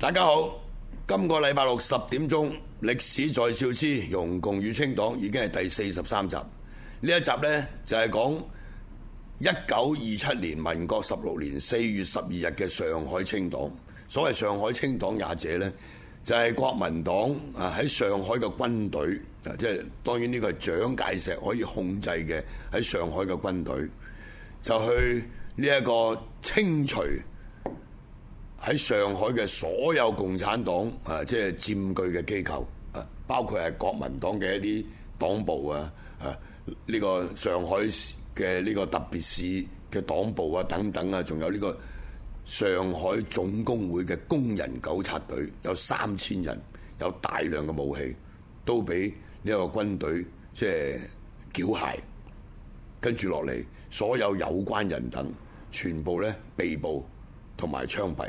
大家好，今個禮拜六十點鐘，《歷史在笑之容共與清黨》已經係第四十三集。呢一集呢，就係講一九二七年民國十六年四月十二日嘅上海清黨。所謂上海清黨也者呢，就係、是、國民黨啊喺上海嘅軍隊啊，即係當然呢個係蔣介石可以控制嘅喺上海嘅軍隊，就去呢一個清除。喺上海嘅所有共產黨啊，即係佔據嘅機構啊，包括係國民黨嘅一啲黨部啊，啊呢、這個上海嘅呢個特別市嘅黨部啊等等啊，仲有呢個上海總工會嘅工人糾察隊有三千人，有大量嘅武器，都俾呢個軍隊即係繳械，跟住落嚟所有有關人等全部咧被捕同埋槍斃。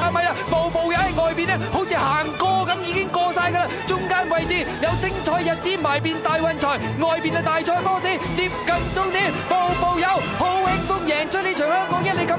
阿咪啊，步步友，喺外邊咧好似行過咁，已經過晒㗎啦。中間位置有精彩日子埋邊大運財，外邊嘅大賽波士接近終點，步步友，好輕鬆贏出呢場香港一哩錦。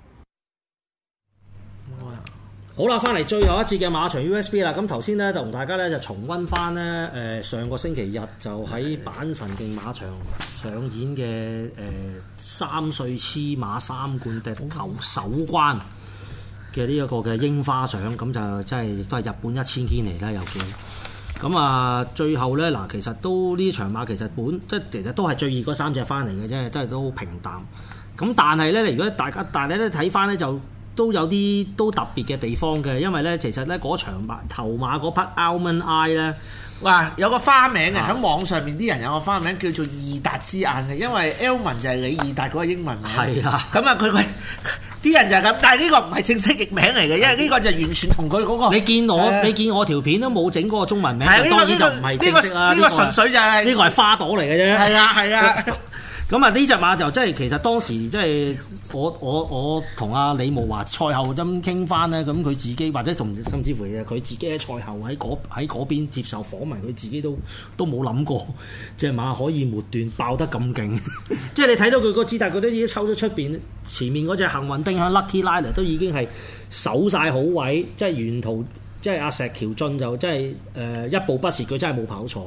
好啦，翻嚟最後一節嘅馬場 USB 啦。咁頭先呢，就同大家呢，就重溫翻呢。誒、呃、上個星期日就喺阪神競馬場上演嘅誒、呃、三歲雌馬三冠第牛首關嘅呢一個嘅櫻花賞。咁就真係都係日本一千堅嚟啦，又見。咁啊，最後呢，嗱，其實都呢場馬其實本即其實都係最熱嗰三隻翻嚟嘅啫，真係都好平淡。咁但係呢，如果大家但係咧睇翻呢就。都有啲都特別嘅地方嘅，因為咧其實咧嗰場馬頭馬嗰匹 Almond Eye 咧，嘩有個花名嘅，喺網上面啲人有個花名叫做易達之眼嘅，因為 Almond 就係李易達嗰個英文名。係啊，咁啊佢佢啲人就係咁，但係呢個唔係正式譯名嚟嘅，因為呢個就完全同佢嗰個。你見我、uh, 你見我條片都冇整嗰個中文名，的當然就唔係正式啦。呢、這個呢、這個、這個這個、純粹就係、是、呢個係花朵嚟嘅啫。係啊係啊。 咁啊！呢隻、嗯、馬就真係其實當時即係我我我同阿李慕華賽後咁傾翻咧，咁佢自己或者同甚至乎佢自己喺賽後喺嗰喺嗰邊接受訪問，佢自己都都冇諗過，隻馬可以末段爆得咁勁。 即係你睇到佢個姿態，佢都已經抽咗出面。前面嗰隻幸運丁啊，Lucky Liner 都已經係守晒好位。即係沿途，即係阿石橋俊就即係誒、呃、一步不蝕，佢真係冇跑錯。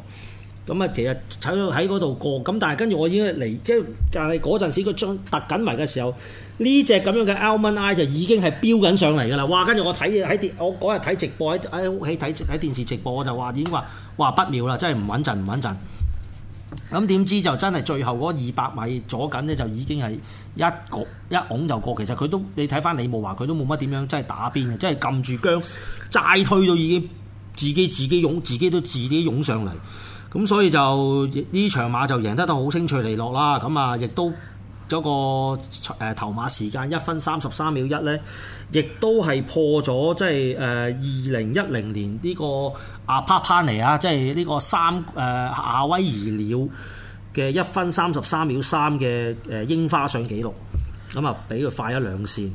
咁啊，其實踩到喺嗰度過，咁但係跟住我已經嚟，即係但係嗰陣時佢將突緊埋嘅時候，呢隻咁樣嘅 Almond Eye 就已經係飆緊上嚟㗎啦。哇！跟住我睇喺電，我嗰日睇直播喺喺屋企睇睇電視直播，我就話已經話話不妙啦，真係唔穩陣，唔穩陣。咁點知就真係最後嗰二百米阻緊呢，就已經係一個一拱就過。其實佢都你睇翻李慕華，佢都冇乜點樣，真係打邊啊，真係撳住姜再推到已經自己自己湧，自己都自己湧上嚟。咁所以就呢場馬就贏得都好清脆利落啦，咁啊亦都嗰個誒頭馬時間一分三十三秒一呢，亦都係破咗即係誒二零一零年呢個阿帕帕尼啊，即係呢個三誒亞威爾了嘅一分三十三秒三嘅誒櫻花賞紀錄，咁啊比佢快一兩線，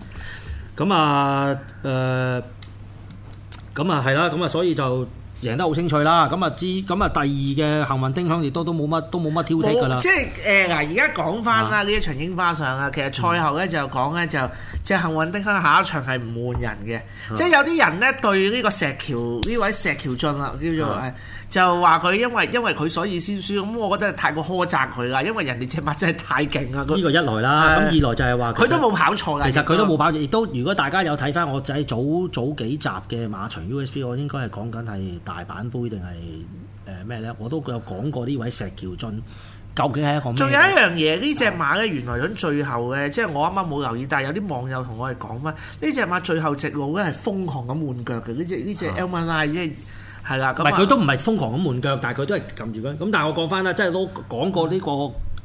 咁啊誒，咁啊係啦，咁啊所以就。贏得好清脆啦，咁啊之，咁啊第二嘅幸運丁香亦都都冇乜，都冇乜挑剔㗎啦。即係誒嗱，而家講翻啦，呢一場櫻花賞啊，是的 其實賽後咧就講咧就即係幸運丁香下一場係唔換人嘅，是的 即係有啲人咧對呢個石橋呢位石橋俊啊叫做係。就話佢因為因為佢所以先輸，咁我覺得太過苛責佢啦，因為人哋隻馬真係太勁啦。呢個一來啦，咁的二來就係話佢都冇跑錯啦。其實佢都冇跑，亦都，錯都如果大家有睇翻我仔早早幾集嘅馬場 USB，我應該係講緊係大阪杯定係誒咩咧？我都有講過呢位石橋俊究竟係一個。仲有一樣嘢，隻呢隻馬咧，原來喺最後嘅，即係、哦、我啱啱冇留意，但係有啲網友同我哋講翻，呢隻馬最後直路咧係瘋狂咁換腳嘅，呢隻呢隻 Almond Eye 即係。係啦，唔係佢都唔係瘋狂咁換腳，但係佢都係撳住嗰，咁但係我講翻啦，即係都講過呢、呢個，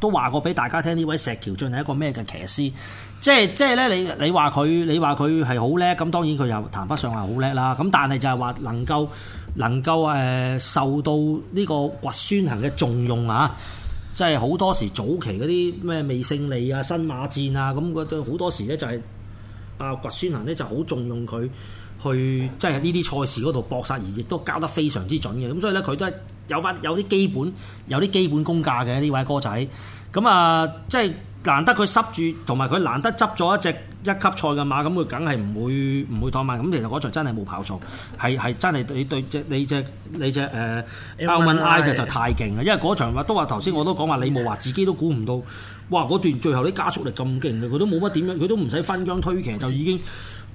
都話過俾大家聽呢位石橋俊係一個咩嘅騎師，即係即係咧，你你話佢你話佢係好叻，咁當然佢又談不上係好叻啦，咁但係就係話能夠能夠誒、呃、受到呢個掘孫行嘅重用啊，即係好多時早期嗰啲咩未勝利啊新馬戰啊咁，好多時呢就係阿掘孫行呢就好重用佢。去即係呢啲賽事嗰度搏殺而，而亦都交得非常之準嘅。咁所以咧，佢都係有翻有啲基本，有啲基本功架嘅呢位哥仔。咁、嗯、啊，即係難得佢濕住，同埋佢難得執咗一隻一級賽嘅馬，咁佢梗係唔會唔會怠慢。咁其實嗰場真係冇跑數，係係 真係你對隻你隻你隻誒 Almond Eye 就太勁啦。因為嗰場都話頭先，我都講話李慕華自己都估唔到，哇！嗰段最後啲加速力咁勁嘅，佢都冇乜點樣，佢都唔使分疆推騎就已經。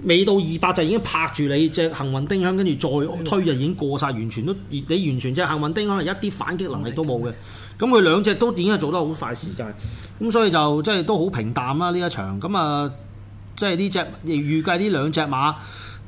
未到二百就已經拍住你隻幸運丁香，跟住再推就已經過晒完全都你完全隻幸運丁香係一啲反擊能力都冇嘅。咁佢、嗯、兩隻都點解做得好快時間？咁、嗯、所以就即係都好平淡啦呢一場。咁啊，即係呢只預計呢兩隻馬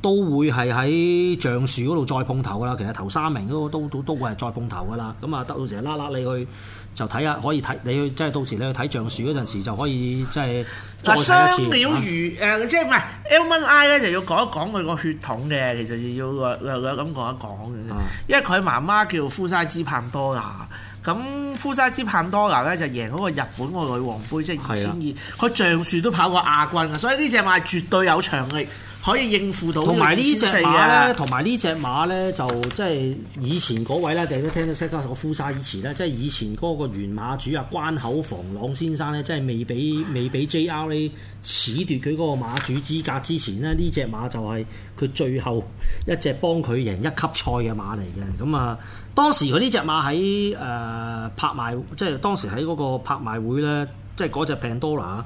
都會係喺橡樹嗰度再碰頭噶啦。其實頭三名都都都會係再碰頭噶啦。咁啊，到到時 LakLak 你去。就睇下可以睇，你去即係到時你去睇橡樹嗰陣時就可以即係再睇一次。雙鳥魚、啊呃、即係唔係 Almond Eye 咧，就要講一講佢個血統嘅，其實要略略咁講一講嘅。啊、因為佢媽媽叫夫塞茲潘多拉，咁夫塞茲潘多拉咧就贏嗰個日本個女王杯，即係二千二，佢橡樹都跑過亞軍嘅，所以呢隻馬絕對有長力。可以應付到，同埋呢隻馬咧，同埋呢隻馬咧就即係以前嗰位咧，大家 聽到 set 翻我夫沙以前咧，即係以前嗰個原馬主啊關口房朗先生咧，即係未俾未俾 JRA 呢褫奪佢嗰個馬主資格之前咧，呢隻馬就係佢最後一隻幫佢贏一級賽嘅馬嚟嘅。咁啊，當時佢呢隻馬喺誒、呃、拍賣，即係當時喺嗰個拍賣會咧，即係嗰隻 Pandora。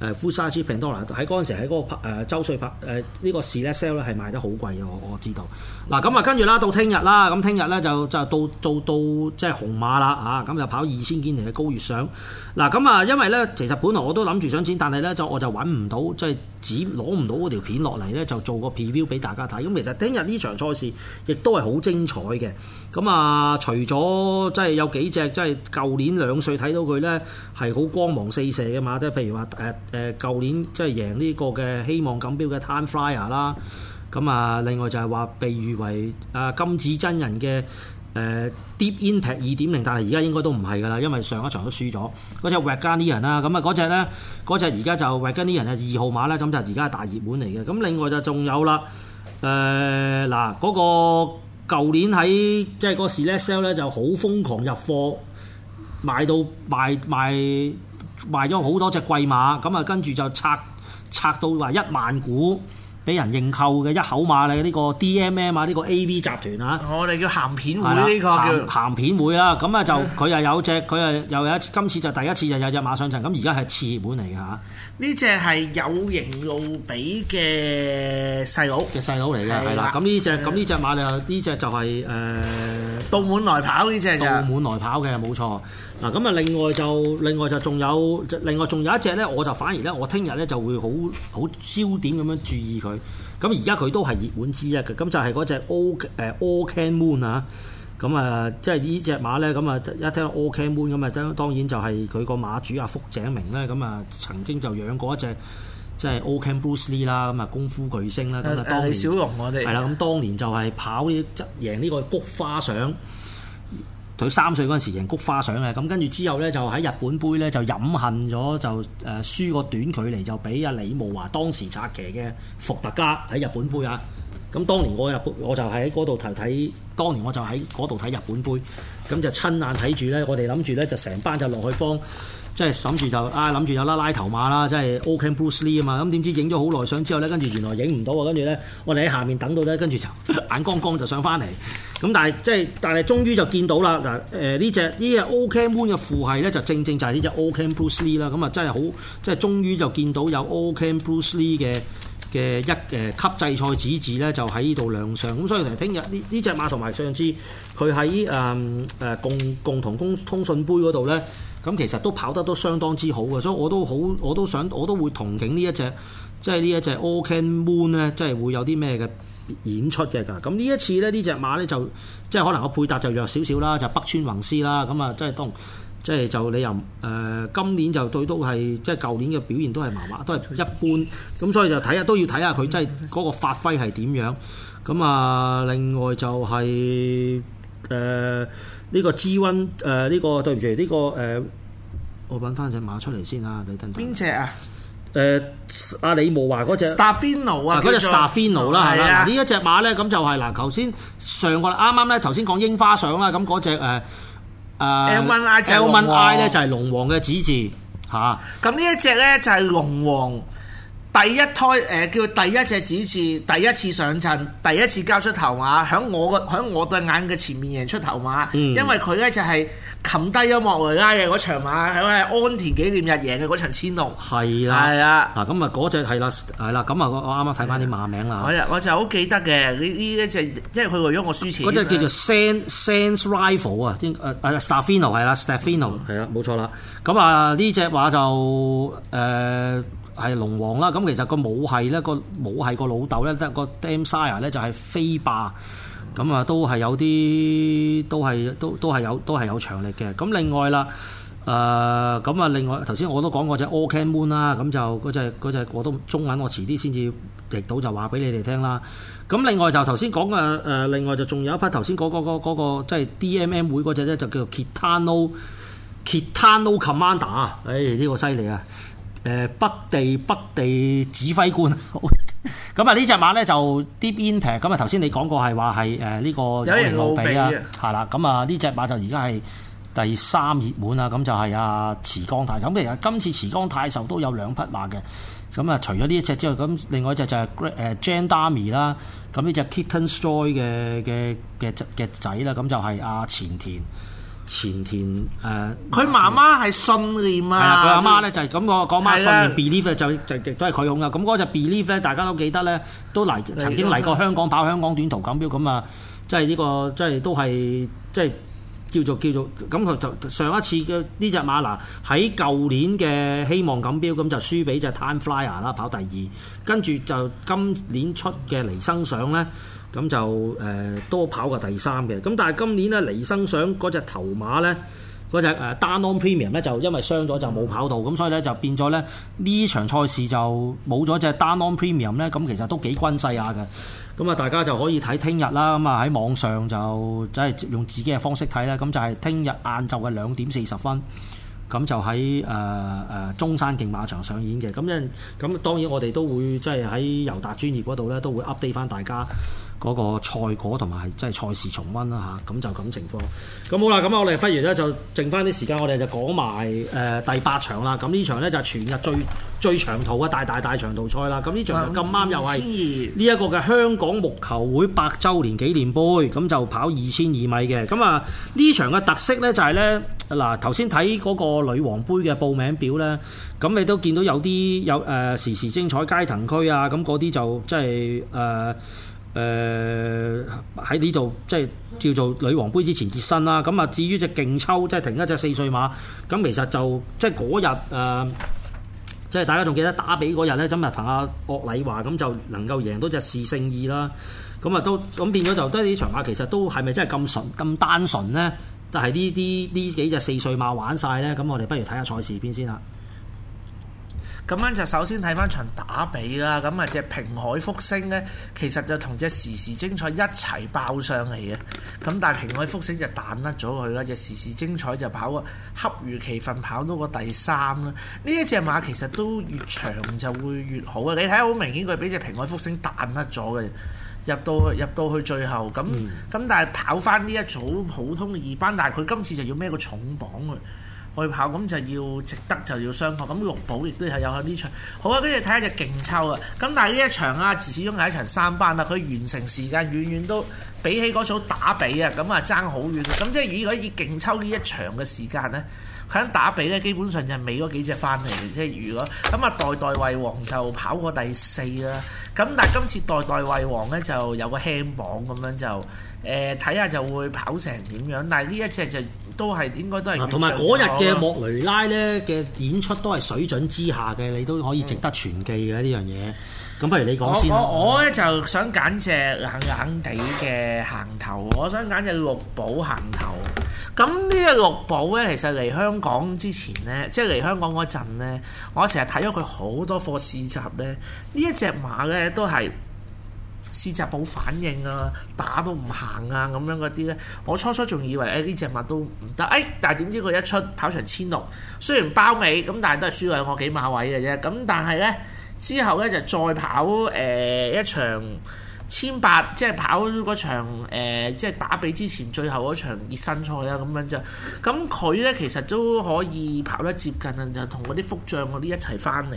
誒 full size 平多啦，喺嗰陣時喺嗰個誒週歲拍誒呢個試咧 sell 咧係賣得好貴嘅，我我知道。嗱咁啊跟住啦，到聽日啦，咁聽日咧就就到就就到、就是、到即係、就是就是就是、紅馬啦啊，咁就跑二千米嚟嘅皐月賞。嗱、啊、咁啊，因為咧其實本來我都諗住想剪，但係咧就我就揾唔到，即、就、係、係。攞唔到嗰條片落嚟呢，就做個 preview 俾大家睇。咁其實聽日呢場賽事亦都係好精彩嘅。咁啊，除咗即係有幾隻即係舊年兩歲睇到佢呢，係好光芒四射嘅嘛。即係譬如話誒誒，呃呃、舊年即係贏呢個嘅希望錦標嘅 Time Flyer 啦。咁啊，另外就係話被譽為啊金子真人嘅。誒、uh, Deep Impact 二點零，但係而家應該都唔係㗎啦，因為上一場都輸咗嗰隻 rock 間啲人啦，咁啊嗰隻咧嗰隻而家就 rock 間啲人咧二號馬咧，咁就而家係大熱門嚟嘅。咁另外就仲有啦，誒嗱嗰個舊年喺即係嗰個 select sell 咧就好瘋狂入貨，買到買買買咗好多隻貴馬，咁啊跟住就拆拆到話一萬股。俾人認購嘅一口馬咧，呢、呢個 DMM 啊，呢個 AV 集團啊，我哋、哦、叫鹹片會呢個叫鹹片會啊，咁啊、嗯、就佢又有隻，佢又又有一，次，今次就第一次又有隻馬上陣。咁而家係次熱門嚟嘅嚇。呢隻係有形路比嘅細佬嘅細佬嚟嘅，係啦。咁呢隻咁呢隻馬咧，呢隻就係誒，澳門來跑呢隻就澳、是、門、呃、來跑嘅冇錯。嗱咁啊，另外就另外就仲有，另外仲有一隻咧，我就反而咧，我聽日咧就會好好焦點咁樣注意佢。咁而家佢都係熱門之一嘅，咁就係嗰隻 All Can Moon 啊。咁啊，即係呢隻馬咧，咁啊一聽到 All Can Moon 咁啊，當然就係佢個馬主阿、啊、福井明咧，咁啊曾經就養過一隻即係 All Can Bruce Lee 啦，咁、就是、啊功夫巨星啦。咁啊，李、啊、年小龍我哋係啦，咁、啊、當年就係跑呢贏呢個菊花賞。佢三歲嗰陣時贏菊花賞嘅，咁跟住之後咧就喺日本杯咧就飲恨咗，就誒輸個短距離就畀阿李慕華當時策騎嘅伏特加喺日本杯啊。咁當年我入，我就喺嗰度睇。當年我就喺嗰度睇日本杯，咁就親眼睇住咧。我哋諗住咧就成班就落去幫，即係諗住就啊諗住有拉拉頭馬啦，即係 Oken Bruce Lee 啊嘛。咁點知影咗好耐相之後咧，跟住原來影唔到啊。跟住咧，我哋喺下面等到咧，跟住就眼光光就上翻嚟。咁但係即係，但係、就是、終於就見到啦嗱。誒呢隻呢隻 Oken Moon 嘅父系咧，就正正就係呢隻 Oken Bruce Lee 啦。咁啊，真係好，即係終於就見到有 Oken Bruce Lee 嘅。嘅一誒級制賽指字咧，就喺呢度亮相咁，所以成日聽日呢呢隻馬同埋上次佢喺誒誒共共同公通信杯嗰度咧，咁其實都跑得都相當之好嘅，所以我都好我都想我都會同情呢一隻即係呢一隻 All Can Moon 咧，即係會有啲咩嘅演出嘅。咁呢一次咧，隻馬呢隻馬咧就即係可能個配搭就弱少少啦，就北川宏斯啦，咁啊，即係當。即係就你又誒、呃、今年就對都係即係舊年嘅表現都係麻麻，都係一般。咁、嗯、所以就睇下都要睇下佢即係嗰個發揮係點樣。咁、嗯、啊，另外就係誒呢個 g o n 呢個對唔住呢個誒、呃，我揾翻隻馬出嚟先啊，你等等，邊隻啊？誒、呃、阿李慕華嗰隻 s t a f i n o 啊，嗰隻 s t a f i n o 啦，係啦是呀，呢一隻馬咧，咁就係嗱頭先上個啱啱咧，頭先講櫻花賞啦，咁嗰隻誒。呃呃 Uh, Almond Eye 就係龍王嘅子字吓。咁呢一隻咧，就係龍王。第一胎誒叫第一隻指示，第一次上陣，第一次交出頭馬，響我個響我對眼嘅前，前面贏出頭馬，嗯、因為佢咧就係冚低咗莫雷拉嘅嗰場馬，響安田紀念日贏嘅嗰場千龍。係啦，係啦。嗱咁啊，嗰隻係啦，係啦。咁啊，我啱啱睇翻啲馬名啦。我我就好記得嘅，呢呢一隻，因為佢為咗我輸錢。嗰隻叫做 Saint Saint Rival 啊，應誒 Stefano 係啦，Stefano 係啦，冇錯啦。咁啊呢隻話就誒。呃嗯係龍王啦，咁其實個武係咧，那個武係老、那個老豆咧，得個 d a m n Sire 咧就係飛霸，咁啊都係有啲，都係，都都係有，都係有強力嘅。咁另外啦，誒，咁啊另外，頭、呃、先我都講過隻 o k a Moon 啦，咁就嗰隻嗰隻我都中文我遲啲先至食到就話俾你哋聽啦。咁另外就頭先講嘅誒，另外就仲有一匹頭先嗰嗰個即係 DMM 會嗰隻咧，就叫做 Ketano k i t a n o Commander 啊、哎！誒、這個，呢個犀利啊！誒北地北地指揮官， 咁啊呢隻馬咧就 Deep Impact，咁啊頭先你講過係話係誒呢個有啲露鼻啊，係啦，咁啊呢隻馬就而家係第三熱門啊，咁就係啊，池江泰壽，咁其實今次池江泰壽都有兩匹馬嘅，咁啊除咗呢一隻之外，咁另外一隻就係誒 Gendarme 啦，咁呢隻 Kitten's Joy 嘅嘅嘅嘅仔啦，咁就係阿、啊、前田。前田誒，佢、呃、媽媽係信念啊！係啊，佢阿媽咧就係、是、咁、嗯那個嗰馬信念 belief 就直直都係佢用噶。咁嗰隻 belief 咧，大家都記得咧，都嚟曾經嚟過香港跑香港短途錦標，咁啊，即係呢個即係都係即係叫做叫做咁佢就上一次嘅呢隻馬嗱喺舊年嘅希望錦標，咁就輸俾隻 Time Flyer 啦，跑第二，跟住就今年出嘅嚟生相咧。咁就誒多、呃、跑過第三嘅，咁但係今年呢，離生上嗰隻頭馬呢，嗰隻誒 Danon Premium 呢，就因為傷咗就冇跑到，咁所以呢，就變咗咧呢場賽事就冇咗隻 Danon Premium 呢。咁其實都幾均勢下嘅。咁啊，大家就可以睇聽日啦，咁啊喺網上就即係、就是、用自己嘅方式睇啦。咁就係聽日晏晝嘅兩點四十分，咁就喺誒誒中山競馬場上演嘅。咁因咁當然我哋都會即係喺尤達專業嗰度呢，都會 update 返大家。嗰個賽果同埋即係賽事重溫啦吓，咁、啊、就咁情況。咁好啦，咁我哋不如咧就剩返啲時間，我哋就講埋誒第八場啦。咁呢場呢，就係、是、全日最最長途嘅大大大長途賽啦。咁呢場咁啱又係呢一個嘅香港木球會百週年紀念盃。咁就跑二千二米嘅。咁啊呢場嘅特色呢，就係、是、呢嗱頭先睇嗰個女皇盃嘅報名表呢。咁你都見到有啲有誒、呃、時時精綵佳騰駒啊，咁嗰啲就即係誒。呃誒喺呢度即係叫做女皇盃之前熱身啦。咁啊，至於隻勁抽即係停一隻四歲馬，咁其實就即係嗰日誒，即係、呃、大家仲記得打比嗰日咧，真係憑阿樂禮華咁就能夠贏到隻士聖意啦。咁啊，都咁變咗就得呢場馬，其實都係咪真係咁純咁單純咧？就係呢啲呢幾隻四歲馬玩晒咧。咁我哋不如睇下賽事片先啦。咁樣就首先睇翻場打比啦，咁啊隻平海福星呢，其實就同隻時時精彩一齊爆上嚟嘅。咁但係平海福星就彈甩咗佢啦，隻時時精彩就跑恰如其分，跑到個第三啦。呢一隻馬其實都越長就會越好啊！你睇下，好明顯佢俾隻平海福星彈甩咗嘅，入到去，入到去最後咁咁，嗯、但係跑翻呢一組普通二班，但係佢今次就要孭個重磅啊！去跑咁就要值得，就要雙方咁六寶亦都係有喺呢場。好啊，跟住睇下隻勁抽啊！咁但係呢一場啊，始終係一場三班啊。佢完成時間遠遠都比起嗰組打比啊，咁啊爭好遠。咁即係如果以勁抽呢一場嘅時間咧？喺打比咧，基本上就係尾嗰幾隻翻嚟，即係如果咁啊、嗯，代代魏王就跑過第四啦。咁但係今次代代魏王咧就有個輕磅咁樣就誒睇、呃、下就會跑成點樣。但係呢一隻就都係應該都係同埋嗰日嘅莫雷拉咧嘅演出都係水準之下嘅，你都可以值得傳記嘅呢、嗯、樣嘢。咁不如你講先。我我咧我我就想揀隻硬硬哋嘅行頭，我想揀隻六寶行頭。咁呢個六寶呢，其實嚟香港之前呢，即係嚟香港嗰陣呢，我成日睇咗佢好多貨試集呢。呢一隻馬呢，都係試集冇反應啊，打都唔行啊，咁樣嗰啲呢。我初初仲以為誒呢隻馬都唔得，誒、哎，但係點知佢一出跑場千六，雖然包尾咁，但係都係輸咗我個幾馬位嘅啫。咁但係呢，之後呢，就再跑誒、呃、一場。千八即係跑嗰場、呃、即係打比之前最後嗰場熱身賽啊，咁樣就，咁佢呢，其實都可以跑得接近啊，就同嗰啲副將嗰啲一齊翻嚟。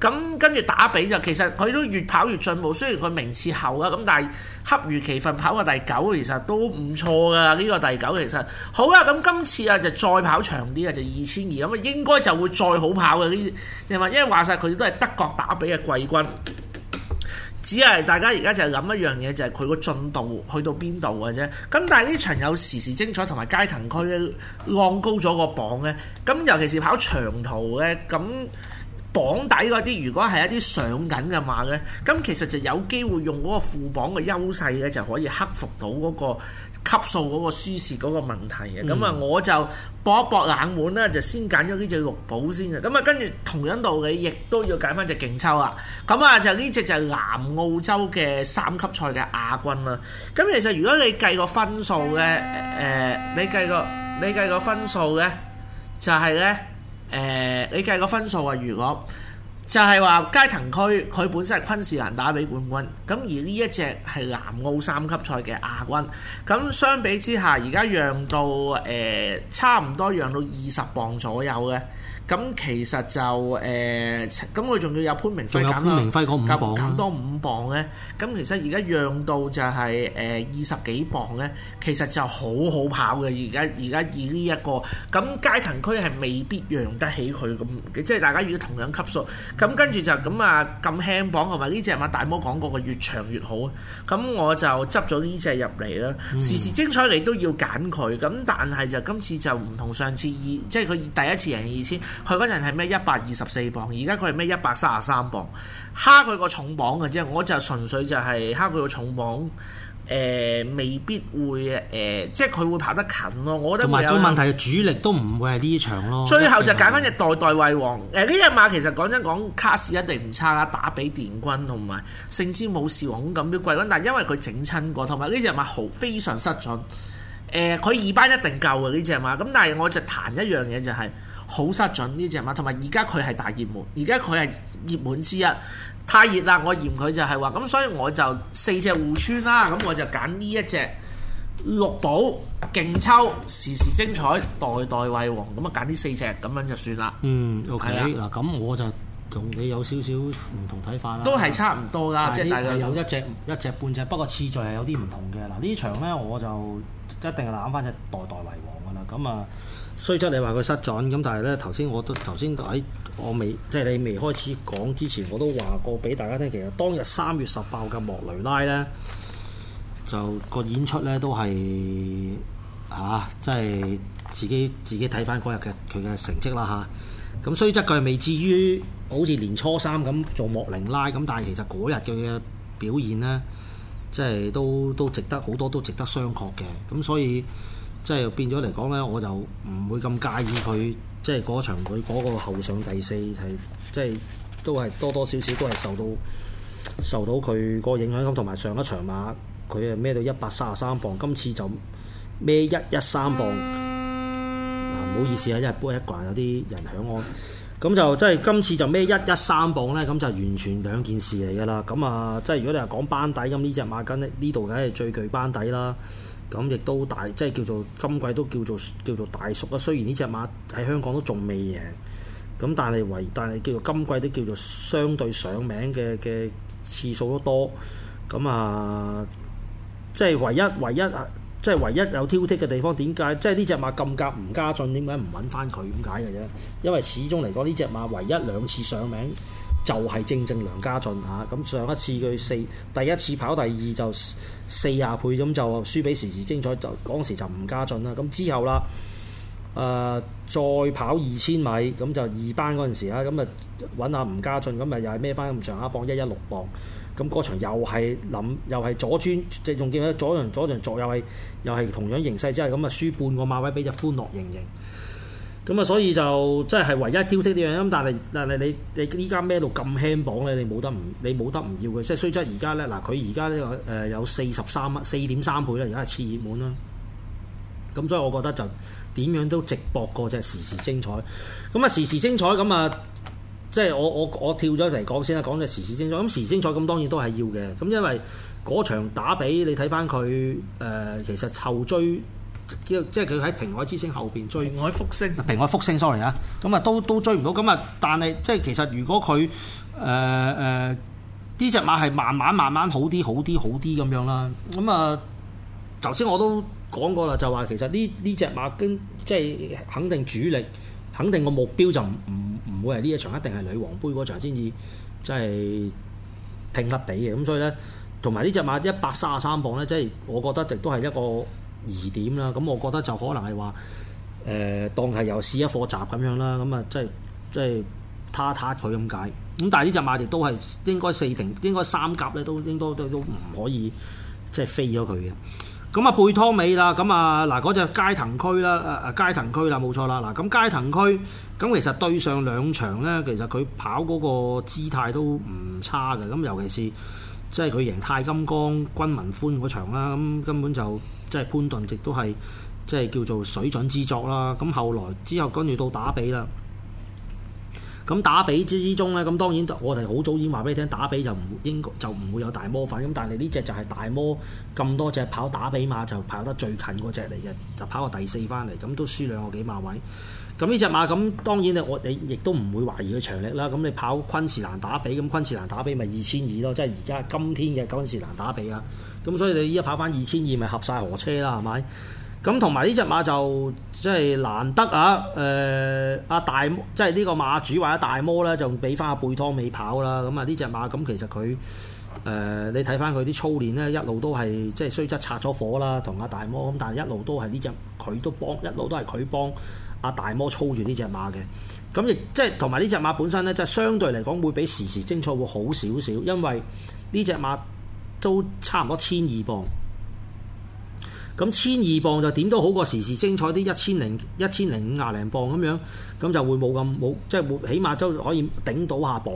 咁跟住打比就其實佢都越跑越進步。雖然佢名次後啊，咁但係恰如其分跑過第九，其實都唔錯噶。呢、呢個第九其實好啦、啊。咁今次啊就再跑長啲啊，就二千二咁啊，應該就會再好跑嘅呢。因為話晒，佢都係德國打比嘅季軍。只係大家而家就係諗一樣嘢，就係佢個進度去到邊度嘅啫。咁但係呢場有時時精綵同埋佳騰駒咧，浪高咗個榜咧。咁尤其是跑長途咧，咁。綁底嗰啲，如果係一啲上緊嘅話呢，咁其實就有機會用嗰個負磅嘅優勢呢，就可以克服到嗰個級數嗰個輸蝕嗰個問題嘅。咁啊、嗯，我就搏一搏冷門啦，就先揀咗呢隻綠寶先啊。咁啊，跟住同樣道理，亦都要揀返隻勁抽啊。咁啊，就呢隻就南澳洲嘅三級賽嘅亞軍啦。咁其實如果你計個分數呢，誒、呃，你計個你計個分數呢，就係、是、呢。誒、呃，你計個分數啊，如果就係話，佳騰駒佢本身係昆士蘭打吡冠軍，咁而呢一隻係南澳三級賽嘅亞軍，咁相比之下，而家讓到誒、呃，差唔多讓到二十磅左右嘅。咁其實就誒，咁佢仲要有潘明輝，潘明輝嗰五磅，減多五磅咧。咁其實而家讓到就係誒二十幾磅咧，其實就好好跑嘅。而家，而家以呢、這、一個，咁佳騰駒係未必讓得起佢咁，即係大家如果同樣級數，咁跟住就咁啊，咁輕磅係咪？呢隻馬大魔講過嘅越長越好。咁我就執咗呢隻入嚟啦。時時精綵你都要揀佢，咁、嗯、但係就今次就唔同上次二，即係佢第一次贏二千。佢嗰陣係咩一百二十四磅，而家佢係咩一百三十三磅，蝦佢個重磅嘅啫。我就純粹就係蝦佢個重磅，誒、呃、未必會誒、呃，即係佢會爬得近咯。我覺得同埋問題嘅主力都唔會係呢場咯。最後就揀翻隻代代為王誒呢隻馬，其實講真講卡士一定唔差啦。打俾電軍同埋勝之武士。恐咁啲貴軍，但係因為佢整親過，同埋呢隻馬好非常失準誒。佢、呃、二班一定夠嘅呢隻馬咁，但係我就彈一樣嘢就係、是。好失準呢隻馬，同埋而家佢係大熱門，而家佢係熱門之一，太熱啦！我嫌佢就係話，咁所以我就四隻互穿啦，咁我就揀呢一隻綠寶勁抽、時時精綵、代代為王，咁啊揀呢四隻咁樣就算啦。嗯，OK 啦、啊，嗱咁、啊、我就同你有少少唔同睇法啦。都係差唔多噶，這即係大概有，有一隻一隻半隻，不過次序係有啲唔同嘅。嗱呢場呢，我就一定攬翻隻代代為王噶啦，咁啊。雖則你話佢失準，咁但係呢頭先我都頭先喺我未，即係你未開始講之前，我都話過俾大家聽，其實當日三月十八號嘅莫雷拉呢，就個演出呢都係嚇，即、啊、係自己自己睇翻嗰日嘅佢嘅成績啦嚇。咁雖則佢係未至於好似年初三咁做莫寧拉咁，但係其實嗰日嘅表現呢，即係都都值得好多都值得商榷嘅，咁所以。即係變咗嚟講咧，我就唔會咁介意佢即係嗰場佢嗰個後上第四係，即係都係多多少少都係受到受到佢個影響。咁同埋上一場馬佢係孭到一百三十三磅，今次就孭一一三磅。嗱、啊，唔好意思啊，因為播一掛有啲人響我，咁就即係今次就孭一一三磅咧，咁就完全兩件事嚟噶啦。咁啊，即係如果你係講班底咁，呢隻馬跟呢度梗係最具班底啦。咁亦都大，即係叫做今季都叫做叫做大熟啊。雖然呢隻馬喺香港都仲未贏，咁但係唯但係叫做今季都叫做相對上名嘅嘅次數都多。咁啊，即係唯一唯一啊，即係唯一有挑剔嘅地方，點解即係呢隻馬咁夾唔加進，點解唔揾翻佢咁解嘅啫？因為始終嚟講，呢隻馬唯一兩次上名。就係正正梁家俊吓，咁、啊、上一次佢四第一次跑第二就四廿倍咁就輸俾時時精綵，就嗰時就吳家俊啦。咁之後啦，誒、呃、再跑二千米，咁就二班嗰陣時啊，咁啊揾下吳家俊，咁咪又係孭返咁長下磅一一六磅，咁、那、嗰、個、場又係諗又係左轉，即係用叫咩左轉左轉左上右？又係又係同樣形勢之類，咁、就、啊、是、輸半個馬位俾隻歡樂盈盈。咁啊，所以就即係唯一挑剔啲樣咁，但係但係你你依家咩到咁輕磅咧？你冇得唔你冇得唔要嘅，即係雖則。而家咧嗱，佢而家咧誒有四十三蚊，四點三倍咧，而家係次熱門啦。咁所以，我覺得就點樣都值博過隻時時精彩。咁啊，時時精彩咁啊，即係我我我跳咗嚟講先啦，講隻時時精彩。咁時時精彩咁當然都係要嘅。咁因為嗰場打比你睇翻佢誒，其實後追。即係佢喺平海之星後邊追，平海福星。平海福星，sorry 啊，咁啊都都追唔到，咁啊但係即係其實如果佢誒誒呢隻馬係慢慢慢慢好啲好啲好啲咁樣啦，咁啊頭先我都講過啦，就話其實呢呢隻馬跟即係肯定主力，肯定個目標就唔唔唔會係呢一場，一定係女皇盃嗰場先至即係拼得地嘅，咁所以呢，同埋呢隻馬一百三十三磅呢，即係我覺得亦都係一個。疑點啦，咁我覺得就可能係話，誒、呃、當係又試一課習咁樣啦，咁啊即係即係他他佢咁解，咁但係呢隻馬亦都係應該四平，應該三甲咧都應該都應該都唔可以即係飛咗佢嘅。咁啊背拖尾啦，咁、那個、啊嗱嗰隻佳騰駒啦，誒、啊、誒佳騰駒啦冇錯啦，嗱咁佳騰駒咁其實對上兩場咧，其實佢跑嗰個姿態都唔差嘅，咁尤其是。即係佢贏太金剛軍民歡嗰場啦，咁根本就即係潘頓亦都係即係叫做水準之作啦。咁後來之後跟住到打比啦，咁打比之之中呢，咁當然我哋好早已經話俾你聽，打比就唔應就唔會有大魔分。咁但係呢隻就係大魔咁多隻跑打比馬就跑得最近嗰隻嚟嘅，就跑到第四翻嚟，咁都輸兩個幾馬位。咁呢隻馬咁當然咧，我你亦都唔會懷疑佢長力啦。咁你跑昆士蘭打比，咁昆士蘭打比咪二千二咯？即係而家今天嘅昆士蘭打比啊！咁所以你依家跑翻二千二，咪合晒河車啦，係咪？咁同埋呢隻馬就即係、就是、難得啊！誒、呃、阿、啊、大即係呢個馬主或者大魔咧，就俾翻阿貝湯尾跑啦。咁啊呢隻馬咁其實佢誒、呃、你睇翻佢啲操練咧，一路都係即係雖則拆咗火啦，同阿大魔咁，但係一路都係呢隻佢都幫一路都係佢幫。阿大摩操住呢隻馬嘅，咁亦即係同埋呢隻馬本身咧，即係相對嚟講會比時時精綵會好少少，因為呢隻馬都差唔多千二磅，咁千二磅就點都好過時時精綵啲一千零一千零五廿零磅咁樣，咁就會冇咁冇即係會起碼都可以頂到下磅。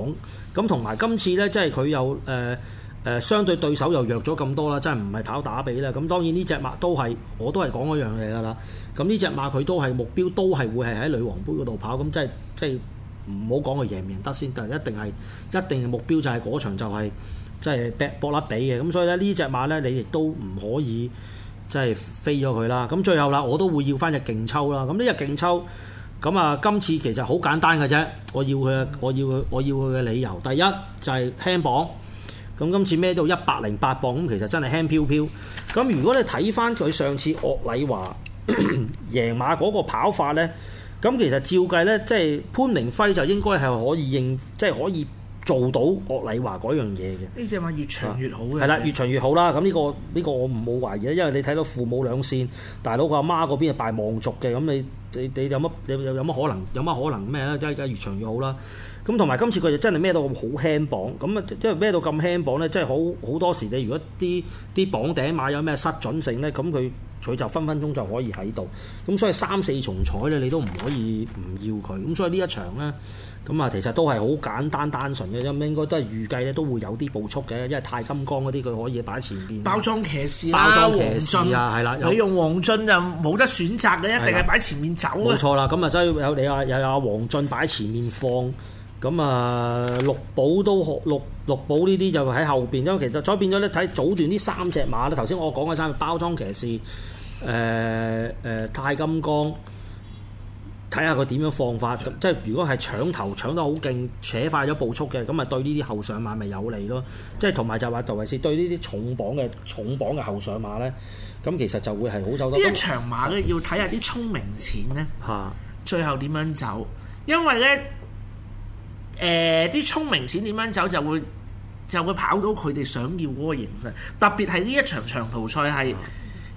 咁同埋今次咧即係佢又誒、呃誒，相對對手又弱咗咁多啦，真係唔係跑打比啦。咁當然呢隻馬都係，我都係講嗰樣嘢㗎啦。咁呢隻馬佢都係目標，都係會係喺女皇盃嗰度跑。咁即係即係唔好講佢贏唔贏得先，但係一定係一定目標就係嗰場就係即係劈波甩地嘅。咁所以咧呢隻馬咧，你亦都唔可以即係飛咗佢啦。咁最後啦，我都會要翻隻勁抽啦。咁呢隻勁抽咁啊，今次其實好簡單嘅啫。我要佢，我要佢，我要佢嘅理由第一就係、是、輕磅。咁今次孭到一百零八磅，咁其實真係輕飄飄。咁如果你睇翻佢上次岳禮華 贏馬嗰個跑法呢，咁其實照計呢，即係潘明輝就應該係可以應，即、就、係、是、可以做到岳禮華嗰樣嘢嘅。呢隻馬越長越好嘅。係啦的，的越長越好啦。咁呢、嗯這個呢、這個我唔冇懷疑，因為你睇到父母兩線，大佬個阿媽嗰邊係拜望族嘅，咁你你你有乜有有乜可能有乜可能咩咧？即係越長越好啦。咁同埋，今次佢就真係孭到好輕磅咁啊！因為孭到咁輕磅咧，即係好好多時。你如果啲啲綁頂馬有咩失準性咧，咁佢佢就分分鐘就可以喺度。咁所以三四重彩咧，你都唔可以唔要佢。咁所以呢一場咧，咁啊，其實都係好簡單單純嘅。咁應該都係預計咧，都會有啲步速嘅，因為太金剛嗰啲佢可以擺前面。包裝騎士啦，黃俊啊，係啦、啊，你進的用黃俊就冇得選擇嘅，的一定係擺前面走。冇錯啦，咁啊，所以有你話又有黃俊擺前面放。咁啊、嗯，六寶都好，六六寶呢啲就喺後邊，因為其實再變咗咧，睇早段呢三隻馬咧。頭先我講嘅三個包裝騎士，誒誒太金剛，睇下佢點樣放法。咁即係如果係搶頭搶得好勁，扯快咗步速嘅，咁咪對呢啲後上馬咪有利咯。即係同埋就話杜維斯對呢啲重磅嘅重磅嘅後上馬咧，咁其實就會係好走得。呢一場馬咧、嗯、要睇下啲聰明錢咧，啊、最後點樣走，因為咧。誒啲、呃、聰明錢點樣走，就會就會跑到佢哋想要嗰個形勢。特別係呢一場長途賽係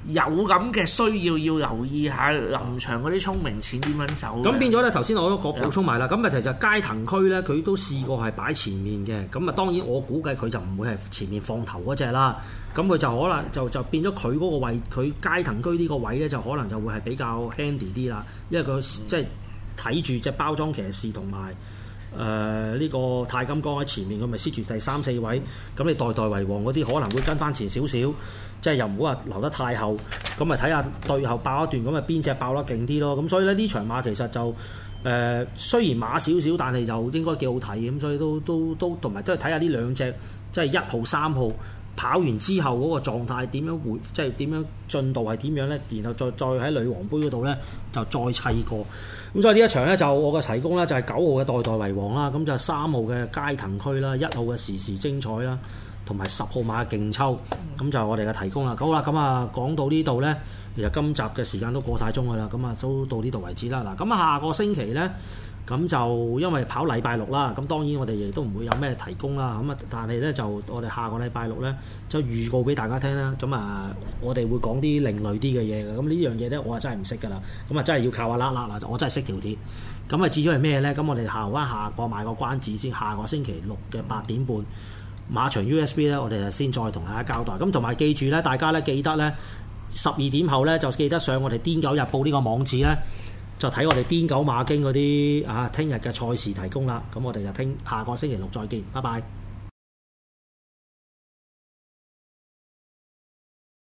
有咁嘅需要，要留意下臨場嗰啲聰明錢點樣走。咁、嗯、變咗咧，頭先我都講補充埋啦。咁啊、嗯，其實佳騰駒咧，佢都試過係擺前面嘅。咁啊，當然我估計佢就唔會係前面放頭嗰隻啦。咁佢就可能就、嗯、就變咗佢嗰個位，佢佳騰駒呢個位咧，就可能就會係比較 handy 啲啦。因為佢、嗯、即係睇住隻包裝騎士同埋。誒呢、呃這個太金剛喺前面，佢咪黐住第三四位，咁你代代為王嗰啲可能會跟翻前少少，即係又唔好話留得太後，咁咪睇下對後爆一段，咁咪邊隻爆得勁啲咯？咁所以咧呢場馬其實就誒、呃、雖然馬少少，但係又應該幾好睇嘅，咁所以都都都同埋都係睇下呢兩隻，即係一號、三號。跑完之後嗰個狀態點樣回，即係點樣進度係點樣呢？然後再再喺女皇盃嗰度呢，就再砌過咁。所以呢一場呢，就我嘅提供呢，就係九號嘅代代為王啦，咁就係三號嘅佳騰駒啦，一號嘅時時精綵啦，同埋十號馬嘅勁抽，咁就係我哋嘅提供啦。好啦，咁啊講到呢度呢，其實今集嘅時間都過晒鐘噶啦，咁啊都到呢度為止啦。嗱，咁下個星期呢。咁就因為跑禮拜六啦，咁當然我哋亦都唔會有咩提供啦。咁啊，但係咧就我哋下個禮拜六咧，就預告俾大家聽啦。咁啊，我哋會講啲另類啲嘅嘢嘅。咁呢樣嘢咧，我啊真係唔識㗎啦。咁啊，真係要靠阿甩甩啦。嗱，我真係識條鐵。咁啊，至於係咩咧？咁我哋下翻下個買個關子先。下個星期六嘅八點半馬場 USB 咧，我哋就先再同大家交代。咁同埋記住咧，大家咧記得咧，十二點後咧就記得上我哋《癲狗日報》呢個網址咧。就睇我哋癲狗馬經嗰啲啊，聽日嘅賽事提供啦。咁我哋就聽下個星期六再見，拜拜。